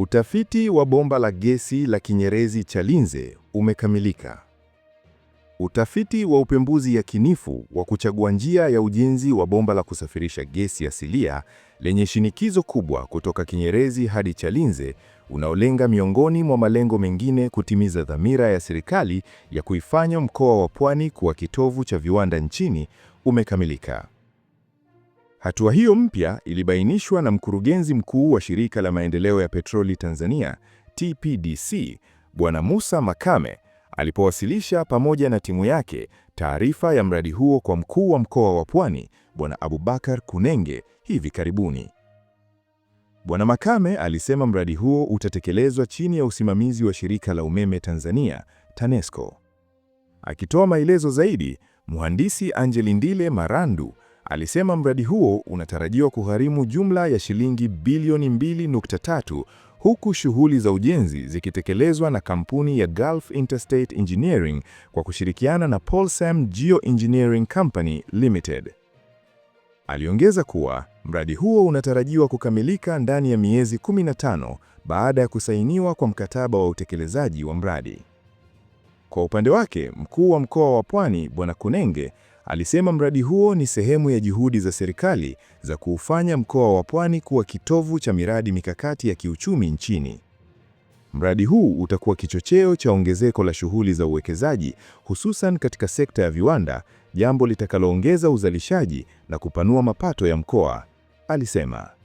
Utafiti wa bomba la gesi la Kinyerezi Chalinze umekamilika. Utafiti wa upembuzi yakinifu wa kuchagua njia ya ujenzi wa bomba la kusafirisha gesi asilia lenye shinikizo kubwa kutoka Kinyerezi hadi Chalinze unaolenga miongoni mwa malengo mengine kutimiza dhamira ya serikali ya kuifanya mkoa wa Pwani kuwa kitovu cha viwanda nchini umekamilika. Hatua hiyo mpya ilibainishwa na mkurugenzi mkuu wa Shirika la Maendeleo ya Petroli Tanzania, TPDC, Bwana Musa Makame, alipowasilisha pamoja na timu yake taarifa ya mradi huo kwa Mkuu wa Mkoa wa Pwani, Bwana Abubakar Kunenge, hivi karibuni. Bwana Makame alisema mradi huo utatekelezwa chini ya usimamizi wa Shirika la Umeme Tanzania, TANESCO. Akitoa maelezo zaidi, Mhandisi Angeli Ndile Marandu Alisema mradi huo unatarajiwa kugharimu jumla ya shilingi bilioni 2.3 huku shughuli za ujenzi zikitekelezwa na kampuni ya Gulf Interstate Engineering kwa kushirikiana na Polsam Geoengineering Company Limited. Aliongeza kuwa mradi huo unatarajiwa kukamilika ndani ya miezi 15 baada ya kusainiwa kwa mkataba wa utekelezaji wa mradi. Kwa upande wake, Mkuu wa Mkoa wa Pwani Bwana Kunenge Alisema mradi huo ni sehemu ya juhudi za serikali za kuufanya mkoa wa Pwani kuwa kitovu cha miradi mikakati ya kiuchumi nchini. Mradi huu utakuwa kichocheo cha ongezeko la shughuli za uwekezaji hususan katika sekta ya viwanda, jambo litakaloongeza uzalishaji na kupanua mapato ya mkoa, alisema.